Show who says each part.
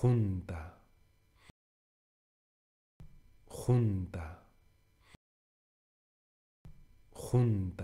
Speaker 1: junta, junta, junta.